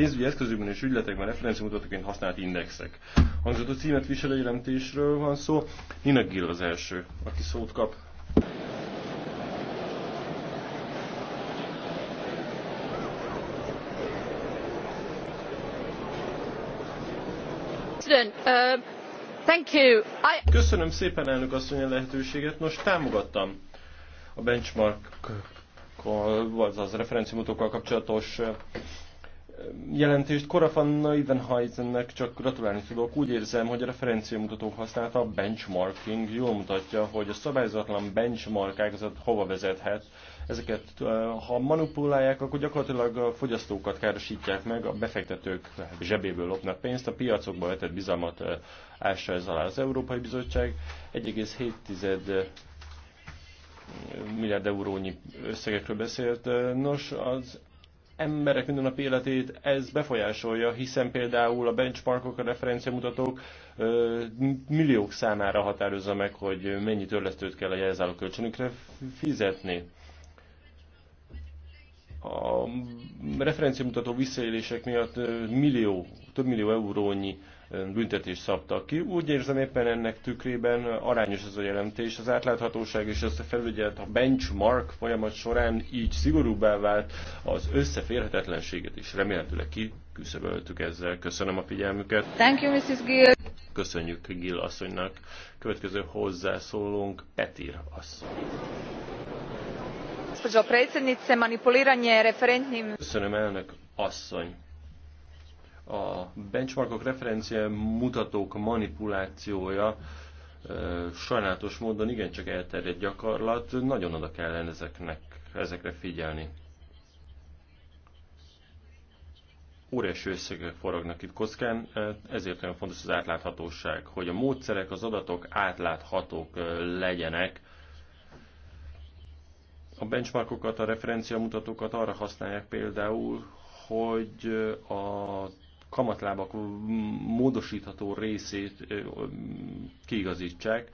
pénzügyi eszközökben és ügyletekben referenciamutatóként használt indexek. Hangzott a címet viselőjelentésről van szó. Nina Gill az első, aki szót kap. Um, Köszönöm szépen elnök asszony a lehetőséget. Nos, támogattam a benchmark az referenciamutatókkal kapcsolatos jelentést Korafan Idenheisennek csak gratulálni tudok. Úgy érzem, hogy a referenciamutatók használata a benchmarking jól mutatja, hogy a szabályzatlan benchmark ágazat hova vezethet. Ezeket, ha manipulálják, akkor gyakorlatilag a fogyasztókat károsítják meg, a befektetők zsebéből lopnak pénzt, a piacokba vetett bizalmat ássa ez alá az Európai Bizottság. 1,7 milliárd eurónyi összegekről beszélt. Nos, az emberek mindennapi életét ez befolyásolja, hiszen például a benchmarkok, a referenciamutatók milliók számára határozza meg, hogy mennyi törlesztőt kell a jelzáló kölcsönükre fizetni. A referenciamutató visszaélések miatt millió, több millió eurónyi büntetést szabtak ki. Úgy érzem éppen ennek tükrében arányos ez a jelentés. Az átláthatóság és ezt a felügyelet a benchmark folyamat során így szigorúbbá vált az összeférhetetlenséget is. Remélhetőleg kiküszöböltük ezzel. Köszönöm a figyelmüket. Thank you, Mrs. Gill. Köszönjük Gill asszonynak. Következő hozzászólónk Petir asszony köszönöm elnök asszony! a benchmarkok referencia mutatók manipulációja sajnálatos módon igencsak elterjedt gyakorlat, nagyon oda kellene ezeknek, ezekre figyelni. Óriási összegek forognak itt kockán, ezért nagyon fontos az átláthatóság, hogy a módszerek, az adatok átláthatók legyenek, a benchmarkokat, a referenciamutatókat arra használják például, hogy a kamatlábak módosítható részét kiigazítsák.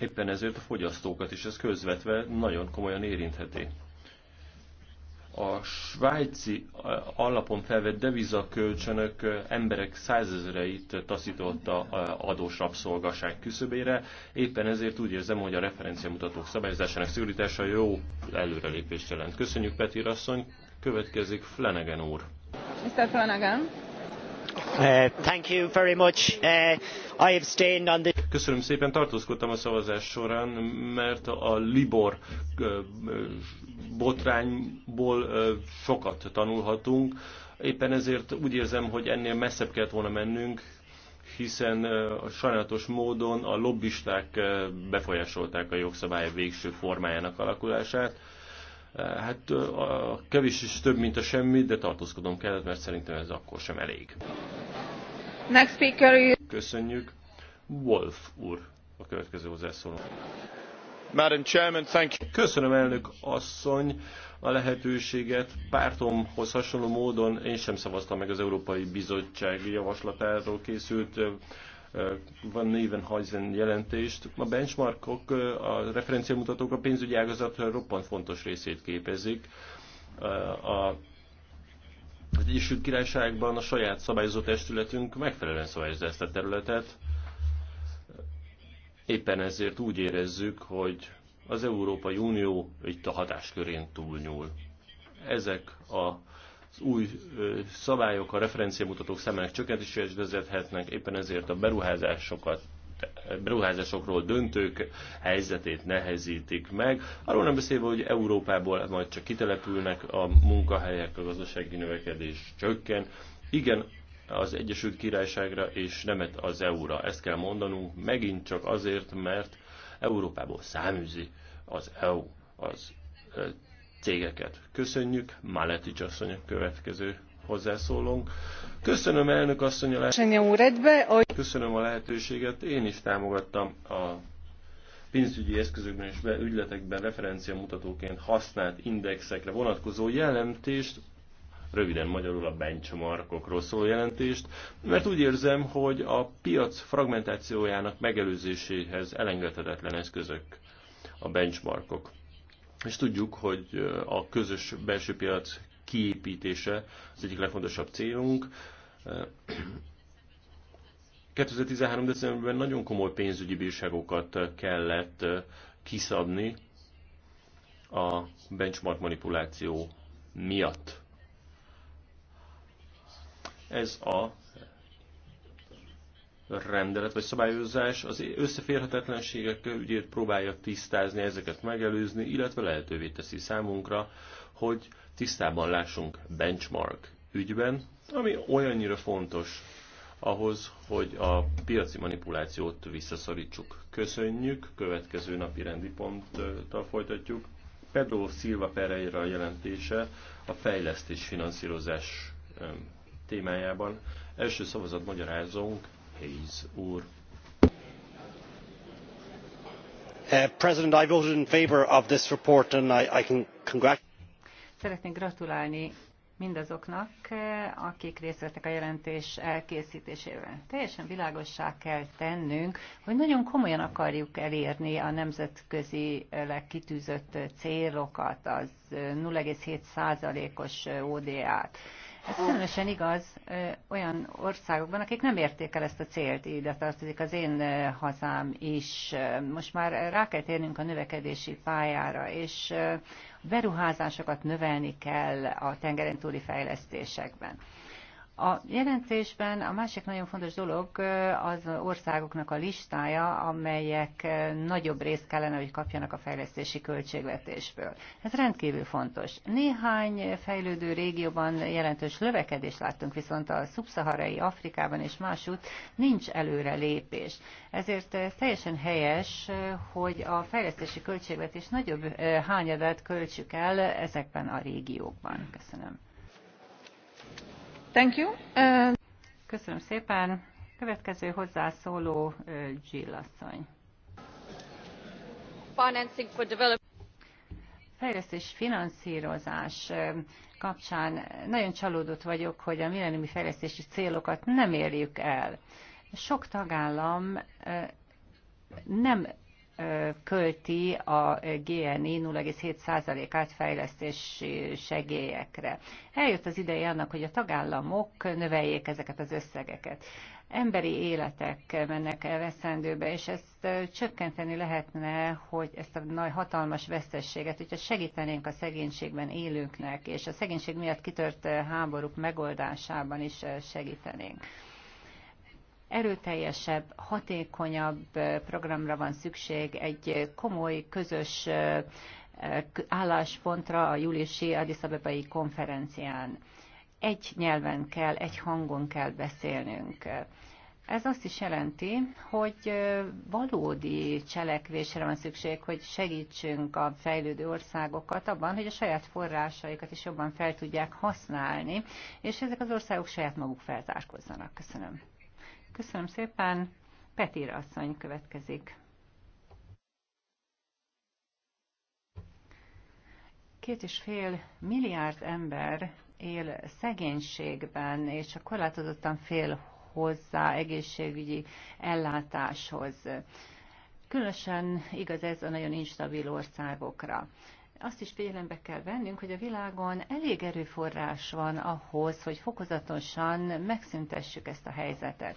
Éppen ezért a fogyasztókat is ez közvetve nagyon komolyan érintheti a svájci alapon felvett devizakölcsönök emberek százezreit taszította adós rabszolgaság küszöbére. Éppen ezért úgy érzem, hogy a referenciamutatók szabályozásának szigorítása jó előrelépést jelent. Köszönjük Peti asszony, következik Flanagan úr. Mr. Flanagan. Köszönöm szépen, tartózkodtam a szavazás során, mert a Libor uh, botrányból uh, sokat tanulhatunk. Éppen ezért úgy érzem, hogy ennél messzebb kellett volna mennünk, hiszen uh, sajnálatos módon a lobbisták befolyásolták a jogszabály végső formájának alakulását. Hát a kevés is több, mint a semmi, de tartózkodom kellett, mert szerintem ez akkor sem elég. Next speaker is... Köszönjük. Wolf úr a következő hozzászóló. Madam Chairman, thank you. Köszönöm elnök asszony a lehetőséget. Pártomhoz hasonló módon én sem szavaztam meg az Európai Bizottság javaslatáról készült van néven hajzen jelentést. A benchmarkok, a referenciamutatók a pénzügyi ágazat roppant fontos részét képezik. A az Egyesült Királyságban a saját szabályozó testületünk megfelelően szabályozza ezt a területet. Éppen ezért úgy érezzük, hogy az Európai Unió itt a hatáskörén túlnyúl. Ezek a az új szabályok a referenciamutatók számának csökkentéséhez vezethetnek, éppen ezért a beruházásokat beruházásokról döntők helyzetét nehezítik meg. Arról nem beszélve, hogy Európából majd csak kitelepülnek a munkahelyek, a gazdasági növekedés csökken. Igen, az Egyesült Királyságra és nemet az EU-ra. Ezt kell mondanunk megint csak azért, mert Európából száműzi az EU, az cégeket. Köszönjük, Maletics asszony a következő hozzászólónk. Köszönöm elnök asszony a lehetőséget. Köszönöm a lehetőséget. Én is támogattam a pénzügyi eszközökben és ügyletekben referencia mutatóként használt indexekre vonatkozó jelentést, röviden magyarul a benchmarkokról szóló jelentést, mert úgy érzem, hogy a piac fragmentációjának megelőzéséhez elengedhetetlen eszközök a benchmarkok és tudjuk, hogy a közös belső piac kiépítése az egyik legfontosabb célunk. 2013. decemberben nagyon komoly pénzügyi bírságokat kellett kiszabni a benchmark manipuláció miatt. Ez a rendelet vagy szabályozás az összeférhetetlenségek ügyét próbálja tisztázni, ezeket megelőzni, illetve lehetővé teszi számunkra, hogy tisztában lássunk benchmark ügyben, ami olyannyira fontos ahhoz, hogy a piaci manipulációt visszaszorítsuk. Köszönjük, következő napi rendi ponttal folytatjuk. Pedro Silva Pereira a jelentése a fejlesztés finanszírozás témájában. Első szavazat magyarázunk, Hayes uh, President, I voted in favor of this report and I, can Szeretnék gratulálni mindazoknak, uh, akik részt vettek a jelentés elkészítésében. Teljesen világossá kell tennünk, hogy nagyon komolyan akarjuk elérni a nemzetközi uh, kitűzött célokat, az 0,7%-os ODA-t. Ez különösen igaz olyan országokban, akik nem érték el ezt a célt, ide tartozik az én hazám is. Most már rá kell térnünk a növekedési pályára, és beruházásokat növelni kell a tengeren túli fejlesztésekben. A jelentésben a másik nagyon fontos dolog az országoknak a listája, amelyek nagyobb részt kellene, hogy kapjanak a fejlesztési költségvetésből. Ez rendkívül fontos. Néhány fejlődő régióban jelentős lövekedést láttunk, viszont a szubszaharai Afrikában és másút nincs előrelépés. Ezért teljesen helyes, hogy a fejlesztési költségvetés nagyobb hányadát költsük el ezekben a régiókban. Köszönöm. Thank you. Uh, Köszönöm szépen. Következő hozzászóló uh, Jill asszony. Financing for development fejlesztés finanszírozás uh, kapcsán nagyon csalódott vagyok, hogy a millenniumi fejlesztési célokat nem érjük el. Sok tagállam nem költi a GNI 0,7%-át fejlesztési segélyekre. Eljött az ideje annak, hogy a tagállamok növeljék ezeket az összegeket. Emberi életek mennek el veszendőbe, és ezt csökkenteni lehetne, hogy ezt a nagy hatalmas vesztességet, hogyha segítenénk a szegénységben élőknek, és a szegénység miatt kitört háborúk megoldásában is segítenénk erőteljesebb, hatékonyabb programra van szükség, egy komoly, közös álláspontra a júliusi Addis Abebai konferencián. Egy nyelven kell, egy hangon kell beszélnünk. Ez azt is jelenti, hogy valódi cselekvésre van szükség, hogy segítsünk a fejlődő országokat abban, hogy a saját forrásaikat is jobban fel tudják használni, és ezek az országok saját maguk feltárkozzanak. Köszönöm. Köszönöm szépen. Petír asszony következik. fél milliárd ember él szegénységben, és a korlátozottan fél hozzá egészségügyi ellátáshoz. Különösen igaz ez a nagyon instabil országokra. Azt is figyelembe kell vennünk, hogy a világon elég erőforrás van ahhoz, hogy fokozatosan megszüntessük ezt a helyzetet.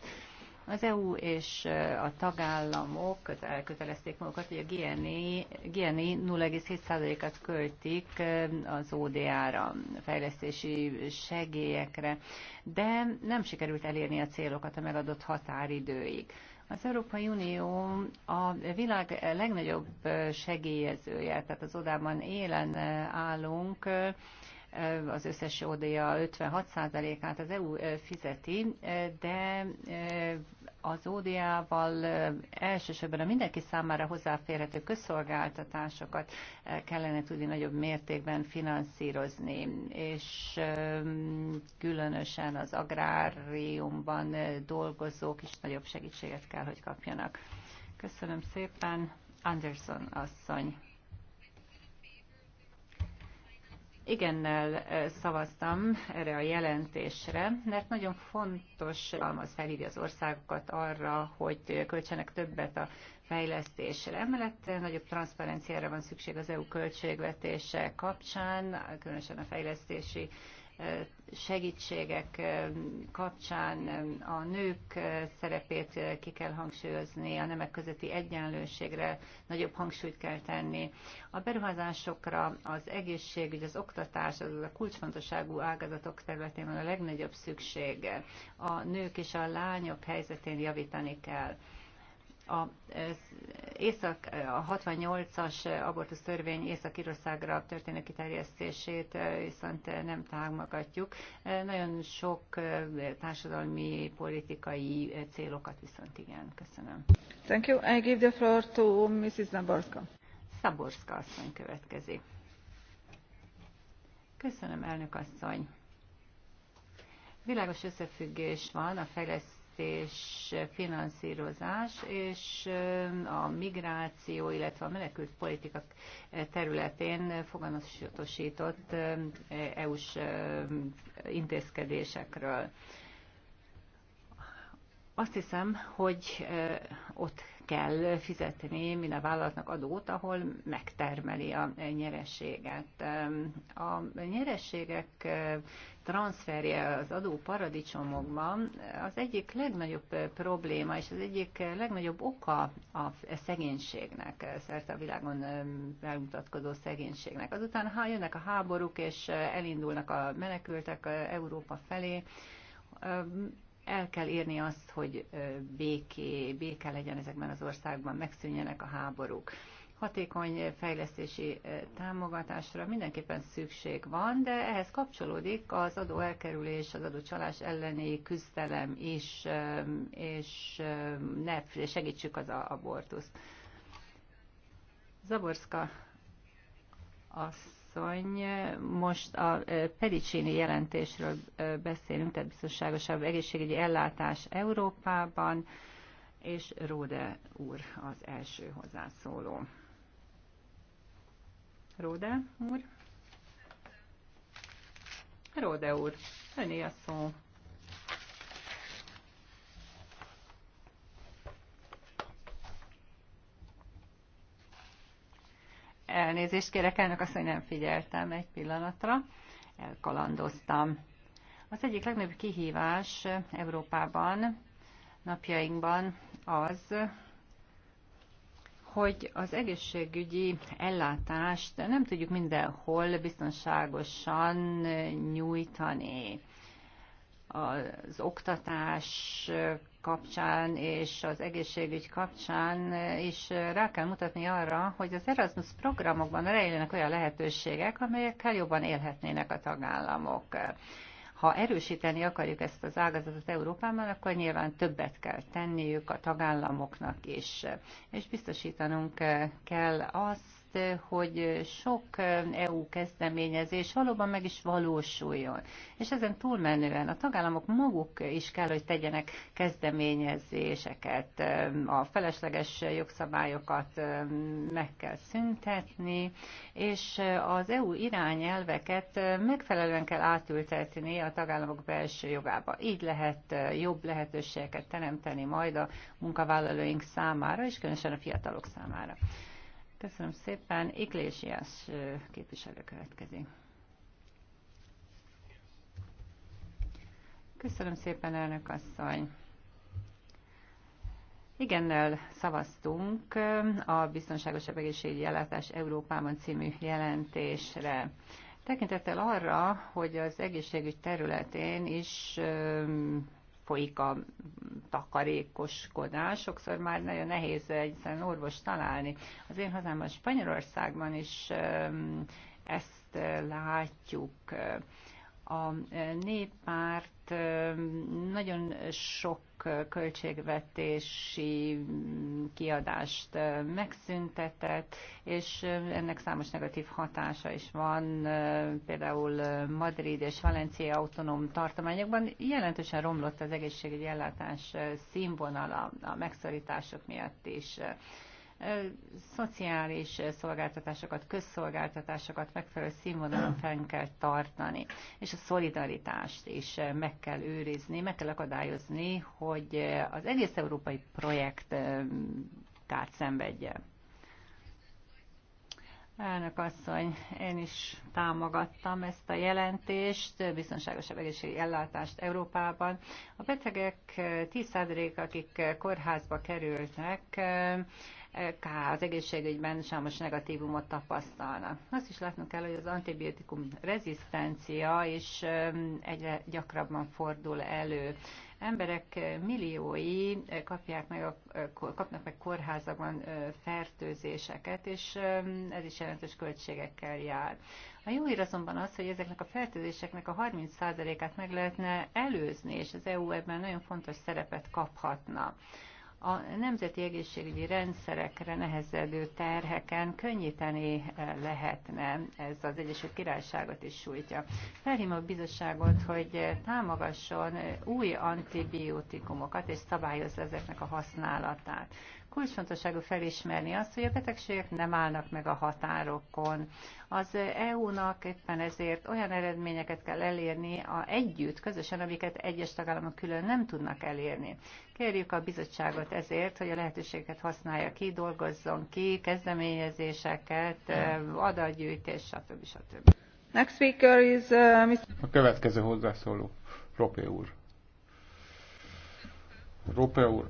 Az EU és a tagállamok elkötelezték magukat, hogy a GNI, 0,7%-at e, e költik az ODA-ra, fejlesztési segélyekre, de nem sikerült elérni a célokat a megadott határidőig. Az Európai Unió a világ legnagyobb segélyezője, tehát az odában élen állunk, az összes ODA 56%-át az EU fizeti, de az ODA-val elsősorban a mindenki számára hozzáférhető közszolgáltatásokat kellene tudni nagyobb mértékben finanszírozni, és különösen az agráriumban dolgozók is nagyobb segítséget kell, hogy kapjanak. Köszönöm szépen, Anderson asszony. igennel szavaztam erre a jelentésre, mert nagyon fontos, az felhívja az országokat arra, hogy költsenek többet a fejlesztésre. Emellett nagyobb transzparenciára van szükség az EU költségvetése kapcsán, különösen a fejlesztési segítségek kapcsán a nők szerepét ki kell hangsúlyozni, a nemek közötti egyenlőségre nagyobb hangsúlyt kell tenni. A beruházásokra az egészségügy, az oktatás, az a kulcsfontosságú ágazatok területén van a legnagyobb szükség. A nők és a lányok helyzetén javítani kell a Észak, a 68-as abortusz törvény észak irországra történő kiterjesztését eh, viszont nem támogatjuk. Eh, nagyon sok eh, társadalmi, politikai célokat viszont igen. Köszönöm. Thank you. I give the floor to Mrs. Zaborska. Szaborska asszony következik. Köszönöm, elnök asszony. Világos összefüggés van a fejlesztés fejlesztés, finanszírozás és a migráció, illetve a menekült politika területén foganatosított e, EU-s intézkedésekről. Azt hiszem, hogy ott kell fizetni minden vállalatnak adót, ahol megtermeli a nyerességet. A nyerességek transferje az adó paradicsomokban az egyik legnagyobb probléma és az egyik legnagyobb oka a szegénységnek, szerte a világon elmutatkozó szegénységnek. Azután ha jönnek a háborúk és elindulnak a menekültek Európa felé, el kell érni azt, hogy béké, béke legyen ezekben az országban, megszűnjenek a háborúk. Hatékony fejlesztési támogatásra mindenképpen szükség van, de ehhez kapcsolódik az adó elkerülés, az adócsalás elleni küzdelem is, és ne segítsük az abortuszt. Zaborska azt asszony, most a Pedicini jelentésről beszélünk, tehát biztonságosabb egészségügyi ellátás Európában, és Róde úr az első hozzászóló. Róde úr? Róde úr, öné a szó. Elnézést kérek, elnök azt, hogy nem figyeltem egy pillanatra, elkalandoztam. Az egyik legnagyobb kihívás Európában, napjainkban az, hogy az egészségügyi ellátást nem tudjuk mindenhol biztonságosan nyújtani. Az oktatás kapcsán és az egészségügy kapcsán is rá kell mutatni arra, hogy az Erasmus programokban rejlenek olyan lehetőségek, amelyekkel jobban élhetnének a tagállamok. Ha erősíteni akarjuk ezt az ágazatot Európában, akkor nyilván többet kell tenniük a tagállamoknak is, és biztosítanunk kell azt, azt, hogy sok EU kezdeményezés valóban meg is valósuljon. És ezen túlmenően a tagállamok maguk is kell, hogy tegyenek kezdeményezéseket, a felesleges jogszabályokat meg kell szüntetni, és az EU irányelveket megfelelően kell átültetni a tagállamok belső jogába. Így lehet jobb lehetőségeket teremteni majd a munkavállalóink számára, és különösen a fiatalok számára. Köszönöm szépen. Iglesias képviselő következik. Köszönöm szépen, elnök asszony. Igennel szavaztunk a Biztonságosabb Egészségügyi Ellátás Európában című jelentésre. Tekintettel arra, hogy az egészségügy területén is folyik a takarékoskodás, sokszor már nagyon nehéz egyszerűen orvos találni. Az én hazámban Spanyolországban is ezt látjuk a e, néppárt e, nagyon sok költségvetési kiadást e, megszüntetett, és ennek számos negatív hatása is van, például Madrid és Valencia autonóm tartományokban jelentősen romlott az egészségügyi ellátás színvonala a megszorítások miatt is szociális szolgáltatásokat, közszolgáltatásokat megfelelő színvonalon fenn kell tartani, és a szolidaritást is meg kell őrizni, meg kell akadályozni, hogy az egész európai projekt kárt szenvedje. Elnök asszony, én is támogattam ezt a jelentést, biztonságosabb egészségi ellátást Európában. A betegek 10% akik kórházba kerülnek, az egészségügyben számos negatívumot tapasztalnak. Azt is látnunk kell, hogy az antibiotikum rezisztencia is egyre gyakrabban fordul elő. Emberek milliói kapják meg a, kapnak meg kórházakban fertőzéseket, és ez is jelentős költségekkel jár. A jó hír azonban az, hogy ezeknek a fertőzéseknek a 30%-át meg lehetne előzni, és az EU ebben nagyon fontos szerepet kaphatna a nemzeti egészségügyi rendszerekre nehezedő terheken könnyíteni eh, lehetne, ez az Egyesült Királyságot is sújtja. Felhívom a bizottságot, hogy eh, támogasson eh, új antibiotikumokat és szabályozza ezeknek a használatát kulcsfontosságú felismerni azt, hogy a betegségek nem állnak meg a határokon. Az EU-nak éppen ezért olyan eredményeket kell elérni a együtt, közösen, amiket egyes tagállamok külön nem tudnak elérni. Kérjük a bizottságot ezért, hogy a lehetőséget használja ki, dolgozzon ki, kezdeményezéseket, adatgyűjtés, stb. stb. Next speaker is, uh, Mr. A következő hozzászóló, Ropé úr. Rope úr,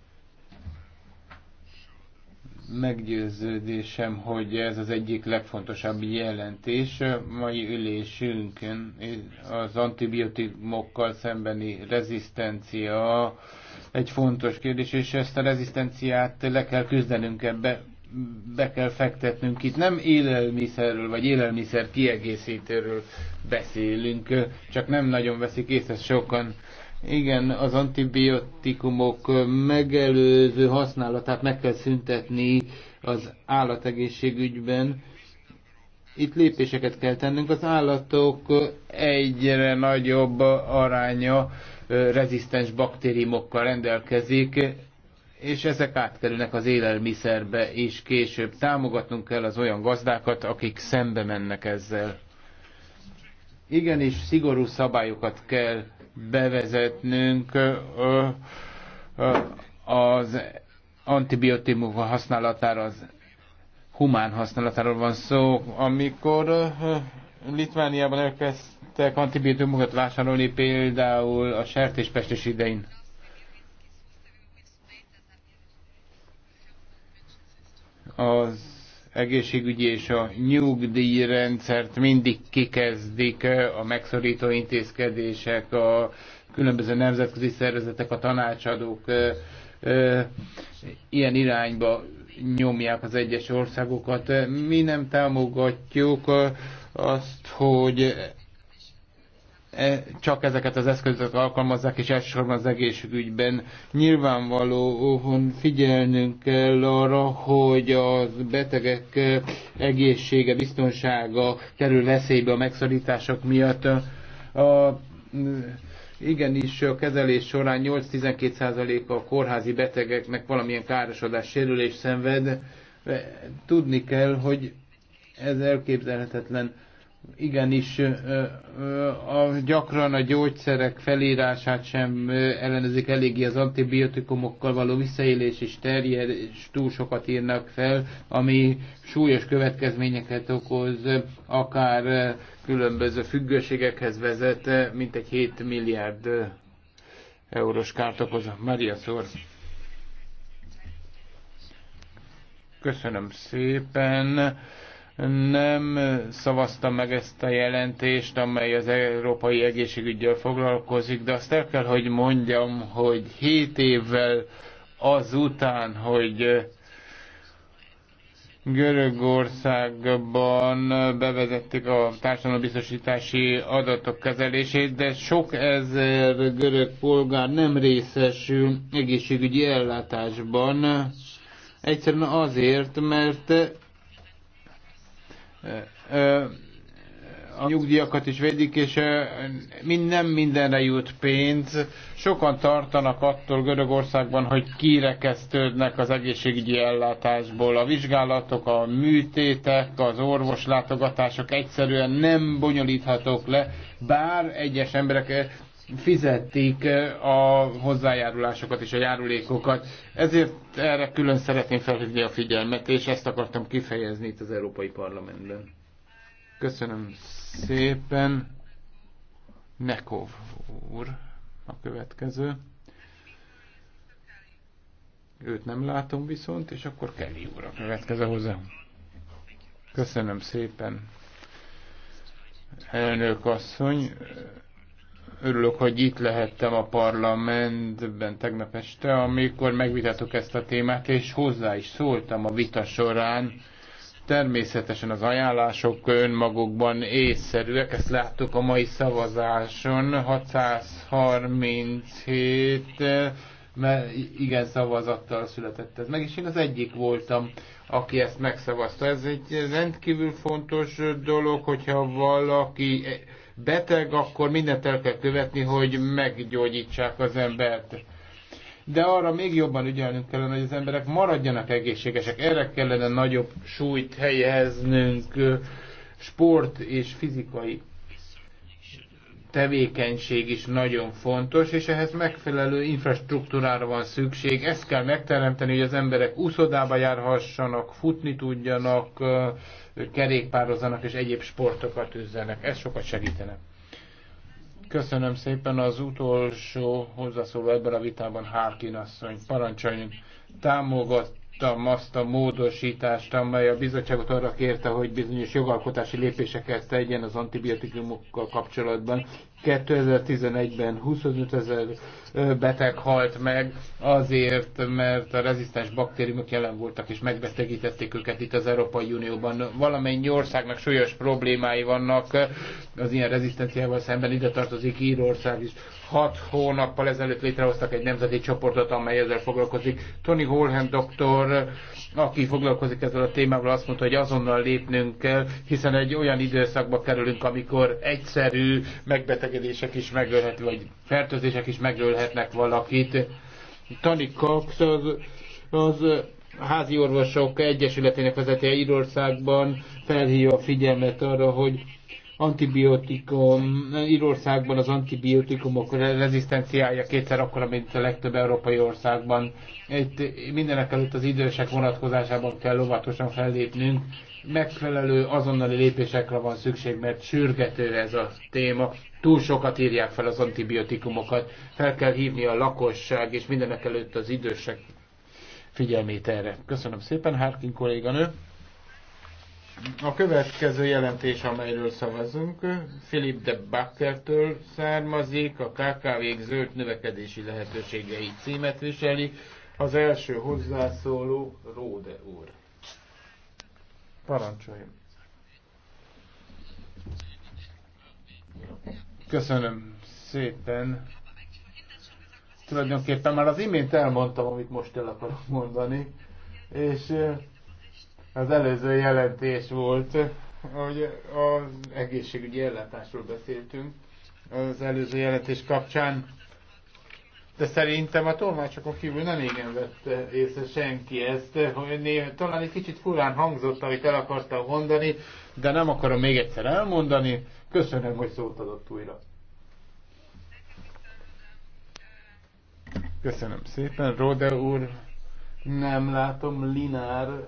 meggyőződésem, hogy ez az egyik legfontosabb jelentés a mai ülésünkön, az antibiotikumokkal szembeni rezisztencia egy fontos kérdés, és ezt a rezisztenciát le kell küzdenünk ebbe, be kell fektetnünk. Itt nem élelmiszerről, vagy élelmiszer kiegészítőről beszélünk, csak nem nagyon veszik észre sokan igen, az antibiotikumok megelőző használatát meg kell szüntetni az állategészségügyben. Itt lépéseket kell tennünk. Az állatok egyre nagyobb aránya rezisztens baktériumokkal rendelkezik, és ezek átkerülnek az élelmiszerbe, és később támogatnunk kell az olyan gazdákat, akik szembe mennek ezzel. Igenis, szigorú szabályokat kell bevezetnünk az antibiotikumok használatára, az humán használatáról van szó. Amikor Litvániában elkezdtek antibiotikumokat vásárolni, például a sertéspestés idején, az egészségügyi és a nyugdíjrendszert mindig kikezdik eh, a megszorító intézkedések, a különböző nemzetközi szervezetek, a tanácsadók eh, eh, ilyen irányba nyomják az egyes országokat. Mi nem támogatjuk azt, hogy E, csak ezeket az eszközöket alkalmazzák, és elsősorban az egészségügyben. Nyilvánvalóan figyelnünk kell arra, hogy a betegek e, egészsége, biztonsága kerül veszélybe a megszorítások miatt. A, igenis a kezelés során 8-12% a kórházi betegeknek valamilyen károsodás, sérülés szenved. E, tudni kell, hogy ez elképzelhetetlen igenis a, gyakran a gyógyszerek felírását sem ellenezik eléggé az antibiotikumokkal való visszaélés és terjed, és túl sokat írnak fel, ami súlyos következményeket okoz, akár különböző függőségekhez vezet, mint egy 7 milliárd eurós kárt okoz. Maria Szor. Köszönöm szépen nem szavazta meg ezt a jelentést, amely az európai egészségügyel foglalkozik, de azt el kell, hogy mondjam, hogy 7 évvel azután, hogy Görögországban bevezették a társadalombiztosítási adatok kezelését, de sok ezer görög polgár nem részesül egészségügyi ellátásban. Egyszerűen azért, mert a nyugdíjakat is védik, és mind, nem mindenre jut pénz. Sokan tartanak attól Görögországban, hogy kirekesztődnek az egészségügyi ellátásból. A vizsgálatok, a műtétek, az orvoslátogatások egyszerűen nem bonyolíthatók le, bár egyes emberek fizetik eh, a hozzájárulásokat és a járulékokat. Ezért erre külön szeretném felhívni a figyelmet, és ezt akartam kifejezni itt az Európai Parlamentben. Köszönöm szépen. Nekov úr a következő. Őt nem látom viszont, és akkor Kelly úr a következő hozzá. Köszönöm szépen. Elnök asszony, Örülök, hogy itt lehettem a parlamentben tegnap este, amikor megvitattuk ezt a témát, és hozzá is szóltam a vita során. Természetesen az ajánlások önmagukban észszerűek, ezt láttuk a mai szavazáson, 637 mert igen szavazattal született ez meg, és én az egyik voltam, aki ezt megszavazta. Ez egy rendkívül fontos dolog, hogyha valaki beteg, akkor mindent el kell követni, hogy meggyógyítsák az embert. De arra még jobban ügyelnünk kellene, hogy az emberek maradjanak egészségesek. Erre kellene nagyobb súlyt helyeznünk, sport és fizikai tevékenység is nagyon fontos, és ehhez megfelelő infrastruktúrára van szükség. Ezt kell megteremteni, hogy az emberek úszodába járhassanak, futni tudjanak, kerékpározzanak és egyéb sportokat üzzenek. Ez sokat segítene. Köszönöm szépen az utolsó hozzászóló ebben a vitában, Hárkin asszony. Parancsoljunk, támogat támogattam azt a módosítást, amely a bizottságot arra kérte, hogy bizonyos jogalkotási lépéseket tegyen az antibiotikumokkal kapcsolatban. 2011-ben 25 ezer beteg halt meg azért, mert a rezisztens baktériumok jelen voltak és megbetegítették őket itt az Európai Unióban. Valamennyi országnak súlyos problémái vannak az ilyen rezisztenciával szemben, ide tartozik Írország is hat hónappal ezelőtt létrehoztak egy nemzeti csoportot, amely ezzel foglalkozik. Tony Holham doktor, aki foglalkozik ezzel a témával, azt mondta, hogy azonnal lépnünk kell, hiszen egy olyan időszakba kerülünk, amikor egyszerű megbetegedések is megölhet, vagy fertőzések is megölhetnek valakit. Tony Cox az, az házi orvosok egyesületének vezetője Írországban felhívja a figyelmet arra, hogy antibiotikum, Írországban az antibiotikumok rezisztenciája kétszer akkora, mint a legtöbb európai országban. Itt mindenek előtt az idősek vonatkozásában kell óvatosan fellépnünk. Megfelelő azonnali lépésekre van szükség, mert sürgető ez a téma. Túl sokat írják fel az antibiotikumokat. Fel kell hívni a lakosság, és mindenek előtt az idősek figyelmét erre. Köszönöm szépen, Harkin kolléganő. A következő jelentés, amelyről szavazunk, Philip de Bakkertől származik, a kkv zöld növekedési lehetőségei címet viseli. Az első hozzászóló Róde úr. Parancsoljon. Köszönöm szépen. Tulajdonképpen már az imént elmondtam, amit most el akarok mondani, és eh, az előző jelentés volt, hogy az egészségügyi ellátásról beszéltünk az előző jelentés kapcsán, de szerintem a tolmácsokon kívül nem igen vette észre senki ezt, hogy néha, talán egy kicsit furán hangzott, amit el akartam mondani, de nem akarom még egyszer elmondani. Köszönöm, hogy szót adott újra. Köszönöm szépen, Rode úr. Nem látom Linár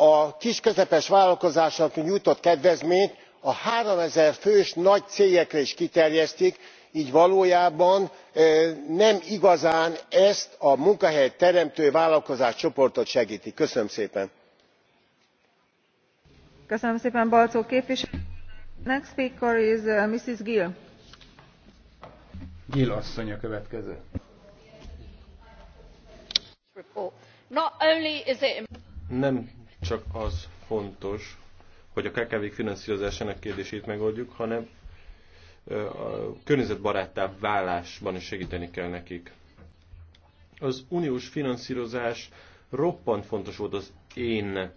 a kis közepes vállalkozásoknak nyújtott kedvezményt a three thousand fős nagy cégekre is kiterjesztik gy valójában nem igazán ezt a munkahelyteremtő vállalkozáscsoportot segtik. köszönöm szépen! nem csak az fontos, hogy a kkv finanszírozásának kérdését megoldjuk, hanem a környezetbaráttá válásban is segíteni kell nekik. Az uniós finanszírozás roppant fontos volt az én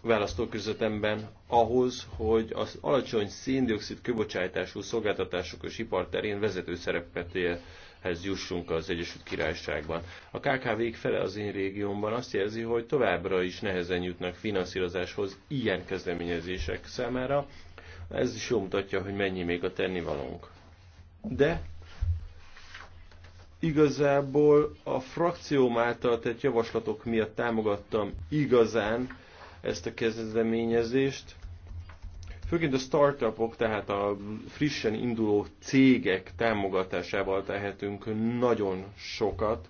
választóközletemben ahhoz, hogy az alacsony széndiokszid kibocsátású szolgáltatások és ipar terén vezető szerepet hez jussunk az Egyesült Királyságban. A KKV-k fele az én régiómban azt jelzi, hogy továbbra is nehezen jutnak finanszírozáshoz ilyen kezdeményezések számára. Ez is jól mutatja, hogy mennyi még a tennivalónk. De igazából a frakcióm által tett javaslatok miatt támogattam igazán ezt a kezdeményezést, Főként a startupok, tehát a frissen induló cégek támogatásával tehetünk nagyon sokat.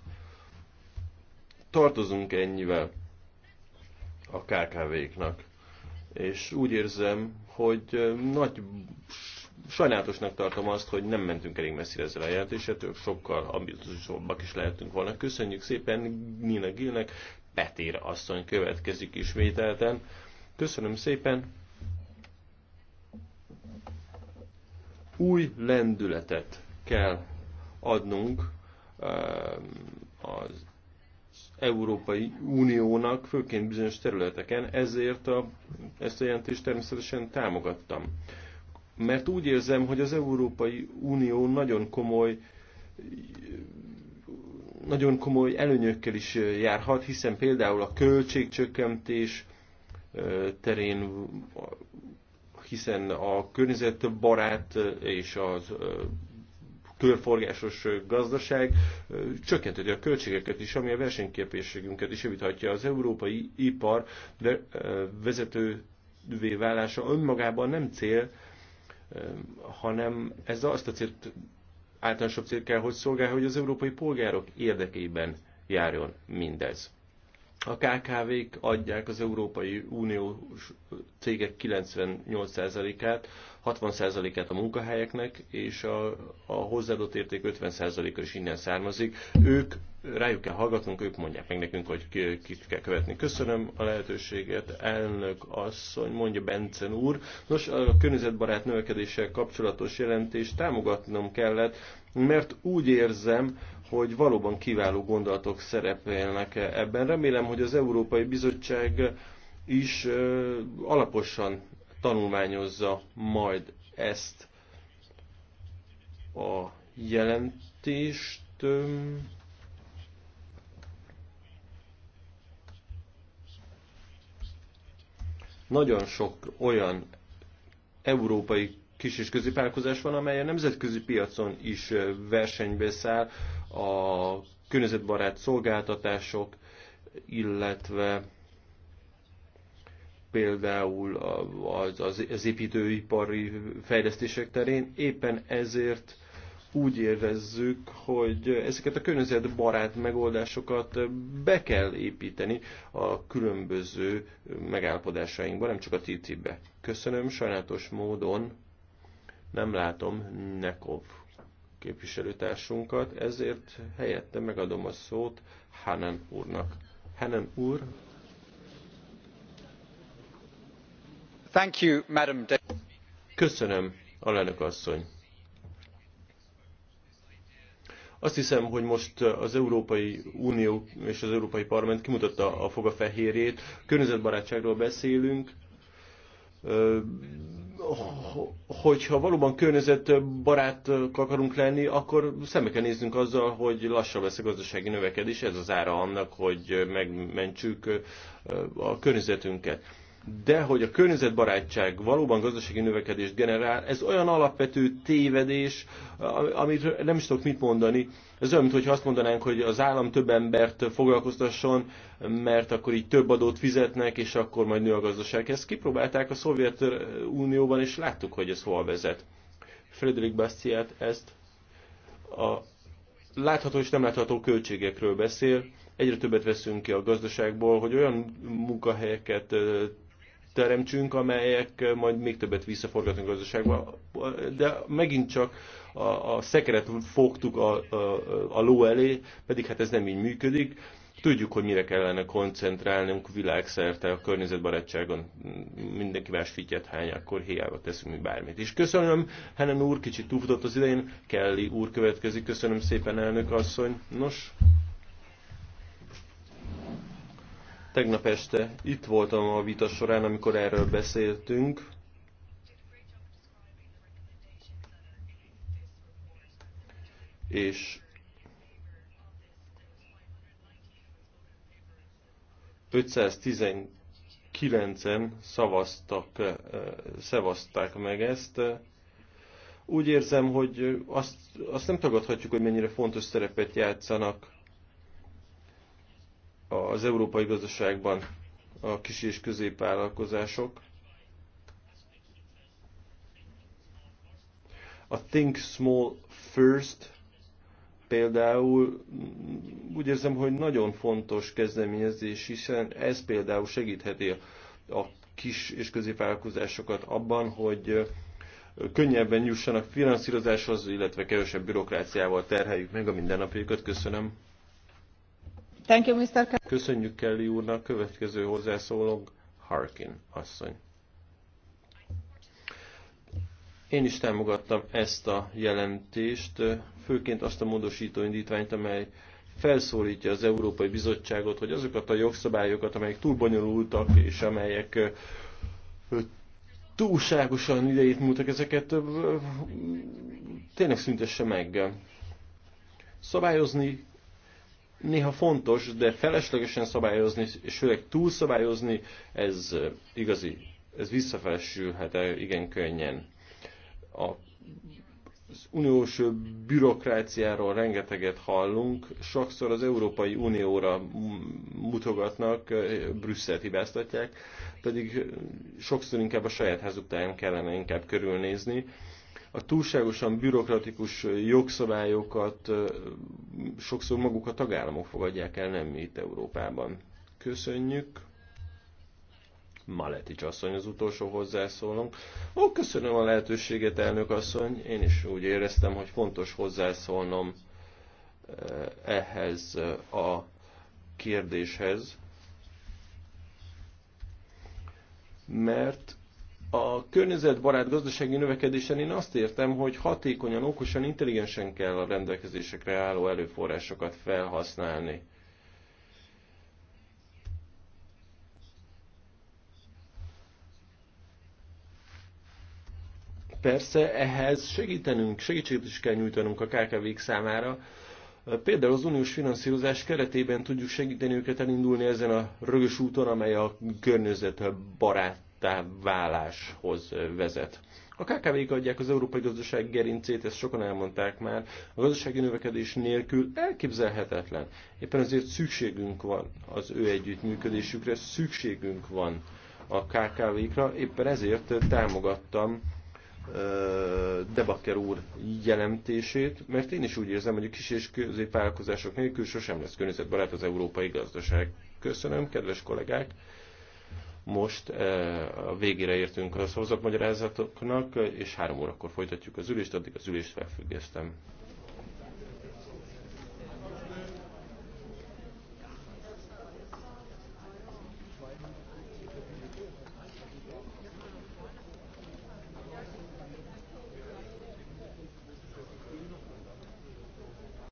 Tartozunk ennyivel a KKV-knak. És úgy érzem, hogy nagy sajnálatosnak tartom azt, hogy nem mentünk elég messzire ezzel a jelentésetől, sokkal ambiciózusabbak is lehetünk volna. Köszönjük szépen Nina Gilnek, Petér asszony következik ismételten. Köszönöm szépen! új lendületet kell adnunk ehm, az Európai Uniónak, főként bizonyos területeken, ezért a, ezt a jelentést természetesen támogattam. Mert úgy érzem, hogy az Európai Unió nagyon komoly nagyon komoly előnyökkel is járhat, hiszen például a költségcsökkentés terén hiszen a környezetbarát és az körforgásos gazdaság csökkenteti a költségeket is, ami a versenyképességünket is javíthatja. Az európai ipar vezetővé válása önmagában nem cél, hanem ez azt a célt, általánosabb cél kell, hogy szolgálja, hogy az európai polgárok érdekében járjon mindez. A KKV-k adják az Európai Unió cégek 98%-át, 60%-át a munkahelyeknek, és a, a hozzáadott érték 50%-a is innen származik. Ők, rájuk kell hallgatnunk, ők mondják meg nekünk, hogy kit ki kell követni. Köszönöm a lehetőséget, elnök asszony, mondja Bencen úr. Nos, a környezetbarát növekedéssel kapcsolatos jelentést támogatnom kellett, mert úgy érzem, hogy valóban kiváló gondolatok szerepelnek e- ebben. Remélem, hogy az Európai Bizottság is alaposan tanulmányozza majd ezt a jelentést. Nagyon sok olyan európai kis és középálkozás van, amely a nemzetközi piacon is versenybe száll, a környezetbarát szolgáltatások, illetve például az, az építőipari fejlesztések terén. Éppen ezért úgy érezzük, hogy ezeket a környezetbarát megoldásokat be kell építeni a különböző megállapodásainkba, nem csak a TTIP-be. Köszönöm, sajnálatos módon nem látom Nekov képviselőtársunkat, ezért helyette megadom a szót Hanen úrnak. Hanen úr. Thank you, Madam Köszönöm, alelnök asszony. Azt hiszem, hogy most az Európai Unió és az Európai Parlament kimutatta a fogafehérjét. Környezetbarátságról beszélünk, hogyha valóban környezetbarát akarunk lenni, akkor szembe kell néznünk azzal, hogy lassabb lesz a gazdasági növekedés, ez az ára annak, hogy megmentsük a környezetünket de hogy a környezetbarátság valóban gazdasági növekedést generál, ez olyan alapvető tévedés, amit nem is tudok mit mondani. Ez olyan, mintha azt mondanánk, hogy az állam több embert foglalkoztasson, mert akkor így több adót fizetnek, és akkor majd nő a gazdaság. Ezt kipróbálták a Szovjetunióban, és láttuk, hogy ez hol vezet. Frederik Bastiat ezt a látható és nem látható költségekről beszél. Egyre többet veszünk ki a gazdaságból, hogy olyan munkahelyeket teremtsünk, amelyek majd még többet visszaforgatunk a gazdaságba. De megint csak a, a szekeret fogtuk a, a, a ló elé, pedig hát ez nem így működik. Tudjuk, hogy mire kellene koncentrálnunk világszerte a környezetbarátságon. Mindenki más fityet hány, akkor hiába teszünk mi bármit. És köszönöm, Henen úr, kicsit túlfutott az idején, Kelly úr következik, köszönöm szépen, elnök asszony. Nos, Tegnap este itt voltam a vita során, amikor erről beszéltünk. És 519-en szavaztak, szavazták meg ezt. Úgy érzem, hogy azt, azt nem tagadhatjuk, hogy mennyire fontos szerepet játszanak az európai gazdaságban a kis és középvállalkozások. A Think Small First például úgy érzem, hogy nagyon fontos kezdeményezés, hiszen ez például segítheti a kis és középvállalkozásokat abban, hogy könnyebben jussanak finanszírozáshoz, illetve kevesebb bürokráciával terheljük meg a mindennapjukat. Köszönöm. Thank you, Mr. Köszönjük Kelly úrnak, következő hozzászólónk Harkin asszony. Én is támogattam ezt a jelentést, főként azt a módosító indítványt, amely felszólítja az Európai Bizottságot, hogy azokat a jogszabályokat, amelyek túl bonyolultak, és amelyek túlságosan idejét múltak, ezeket tényleg szüntesse meg. Szabályozni néha fontos, de feleslegesen szabályozni, és főleg túlszabályozni, ez igazi, ez visszafelesülhet igen könnyen. A, az uniós bürokráciáról rengeteget hallunk, sokszor az Európai Unióra mutogatnak, Brüsszelt hibáztatják, pedig sokszor inkább a saját házuk kellene inkább körülnézni, a túlságosan bürokratikus jogszabályokat sokszor maguk a tagállamok fogadják el, nem mi itt Európában. Köszönjük. Maletics asszony az utolsó hozzászólónk. Ó, köszönöm a lehetőséget, elnök asszony. Én is úgy éreztem, hogy fontos hozzászólnom ehhez a kérdéshez, mert a környezetbarát gazdasági növekedésen én azt értem, hogy hatékonyan, okosan, intelligensen kell a rendelkezésekre álló előforrásokat felhasználni. Persze ehhez segítenünk, segítséget is kell nyújtanunk a KKV-k számára. Például az uniós finanszírozás keretében tudjuk segíteni őket elindulni ezen a rögös úton, amely a környezetbarát váláshoz vezet. A KKV-k adják az európai gazdaság gerincét, ezt sokan elmondták már, a gazdasági növekedés nélkül elképzelhetetlen. Éppen ezért szükségünk van az ő együttműködésükre, szükségünk van a KKV-kra, éppen ezért támogattam Debakker úr jelentését, mert én is úgy érzem, hogy a kis és középvállalkozások nélkül sosem lesz környezetbarát az európai gazdaság. Köszönöm, kedves kollégák! Most eh, a végére értünk a szavazatmagyarázatoknak, és három órakor folytatjuk az ülést, addig az ülést felfüggesztem.